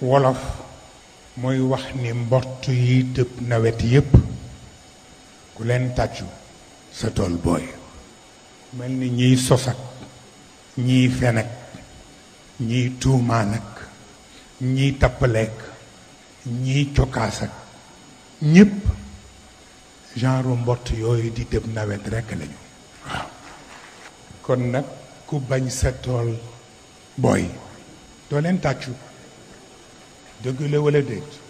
wolof mooy wax ni mbott yi tëb nawet yépp ku leen tàccu sa tool booy mel ni ñiy sos ak ñiy fen ak ñiy tuumaan ak ñiy tappaleek ñiy cokkaas ñépp genre mbott yooyu di tëb nawet rekk lañu waaw kon nag ku bañ sa tool booy doo leen tàccu dëgg la wala déet